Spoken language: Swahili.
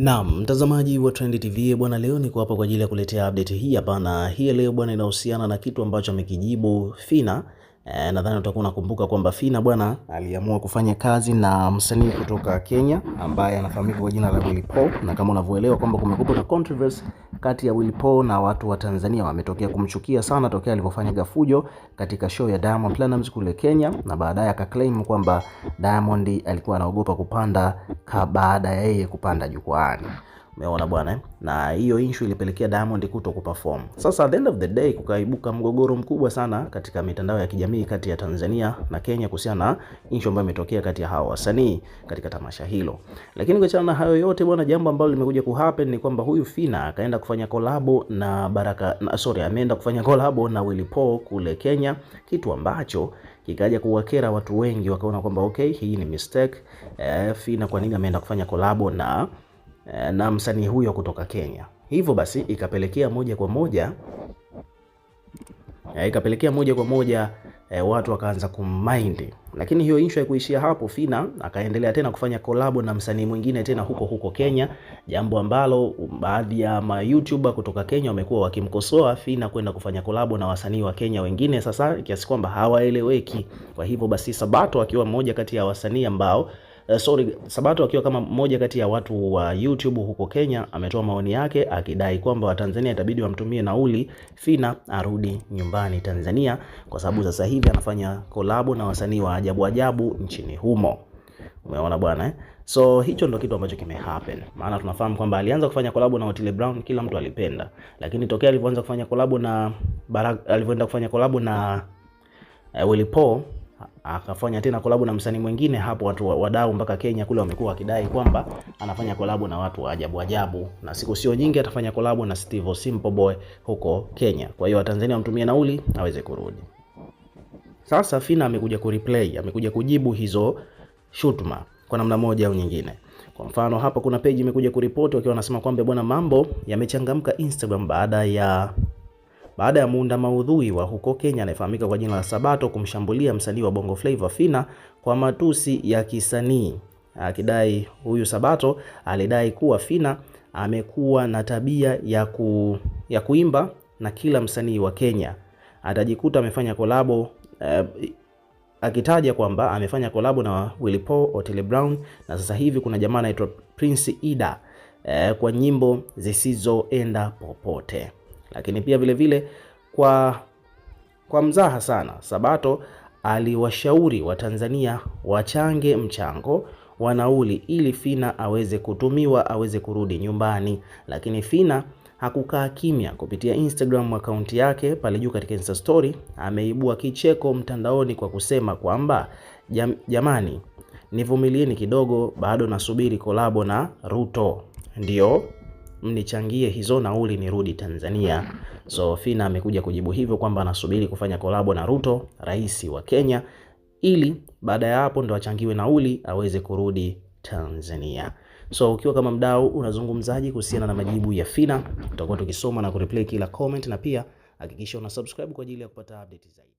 Naam, mtazamaji wa Trend TV bwana, leo niko hapa kwa ajili ya kuletea update hii hapa, na hii leo bwana inahusiana na kitu ambacho amekijibu Fina E, nadhani utakuwa unakumbuka kwamba Fina bwana aliamua kufanya kazi na msanii kutoka Kenya ambaye anafahamika kwa jina la Willy Paul, na kama unavyoelewa kwamba kumekuwa na controversy kati ya Willy Paul na watu wa Tanzania wametokea kumchukia sana tokea alipofanya gafujo katika show ya Diamond Platnumz kule Kenya, na baadaye akaclaim kwamba Diamond alikuwa anaogopa kupanda baada ya yeye kupanda jukwaani. Umeona bwana eh? Na hiyo issue ilipelekea Diamond kuto kuperform. Sasa at the end of the day kukaibuka mgogoro mkubwa sana katika mitandao ya kijamii kati ya Tanzania na Kenya kuhusiana na issue ambayo imetokea kati ya hawa wasanii katika tamasha hilo. Lakini kuachana na hayo yote bwana, jambo ambalo limekuja ku happen ni kwamba huyu Fina akaenda kufanya collab na Baraka na, sorry, ameenda kufanya collab na Willy Paul kule Kenya, kitu ambacho kikaja kuwakera watu wengi, wakaona kwamba okay, hii ni mistake. Eh, Fina kwa nini ameenda kufanya collab na Eh, na msanii huyo kutoka Kenya. Hivyo basi ikapelekea moja kwa moja eh, ikapelekea moja kwa moja e, watu wakaanza kummaindi, lakini hiyo inshu haikuishia hapo. Fina akaendelea tena kufanya kolabo na msanii mwingine tena huko huko Kenya, jambo ambalo baadhi ya ma YouTuber kutoka Kenya wamekuwa wakimkosoa Fina kwenda kufanya kolabo na wasanii wa Kenya wengine, sasa kiasi kwamba hawaeleweki. Kwa hivyo basi, Sabato akiwa mmoja kati ya wasanii ambao uh, sorry, Sabato akiwa kama mmoja kati ya watu wa YouTube huko Kenya ametoa maoni yake akidai kwamba Watanzania itabidi wamtumie nauli Fina arudi nyumbani Tanzania kwa sababu sasa hivi anafanya kolabo na wasanii wa ajabu ajabu nchini humo. Umeona bwana eh? So hicho ndo kitu ambacho kime happen. maana tunafahamu kwamba alianza kufanya kolabo na Otile Brown, kila mtu alipenda, lakini tokea alipoanza kufanya kolabo na alivyoenda kufanya kolabo na uh, Willy Paul akafanya tena kolabu na msanii mwingine hapo. Watu wadau mpaka Kenya kule wamekuwa wakidai kwamba anafanya kolabu na watu wa ajabu ajabu, na siku sio nyingi atafanya kolabu na Steve Simple Boy huko Kenya. Kwa hiyo Watanzania wamtumie nauli aweze kurudi. Sasa Fina amekuja kureplay, amekuja kujibu hizo shutuma kwa namna moja au nyingine. Kwa mfano hapa kuna page imekuja kuripoti wakiwa wanasema kwamba bwana, mambo yamechangamka Instagram baada ya baada ya muunda maudhui wa huko Kenya anayefahamika kwa jina la Sabato kumshambulia msanii wa Bongo Flava Fina kwa matusi ya kisanii akidai huyu Sabato alidai kuwa fina amekuwa na tabia ya, ku, ya kuimba na kila msanii wa Kenya atajikuta amefanya kolabo eh, akitaja kwamba amefanya kolabo na Willy Paul, Otile Brown na sasa hivi kuna jamaa anaitwa Prince Ida eh, kwa nyimbo zisizoenda popote lakini pia vilevile vile kwa, kwa mzaha sana Sabato aliwashauri Watanzania wachange mchango wa nauli ili Fina aweze kutumiwa aweze kurudi nyumbani, lakini Fina hakukaa kimya. Kupitia Instagram akaunti yake pale juu katika Insta story ameibua kicheko mtandaoni kwa kusema kwamba jam, jamani nivumilieni kidogo, bado nasubiri kolabo na Ruto. Ndio mnichangie hizo nauli nirudi Tanzania. Mm. So Fina amekuja kujibu hivyo kwamba anasubiri kufanya kolabo na Ruto, rais wa Kenya, ili baada ya hapo ndo achangiwe nauli aweze kurudi Tanzania. So ukiwa kama mdau unazungumzaji kuhusiana na majibu ya Fina, tutakuwa tukisoma na kureplay kila comment, na pia hakikisha una subscribe kwa ajili ya kupata update zaidi.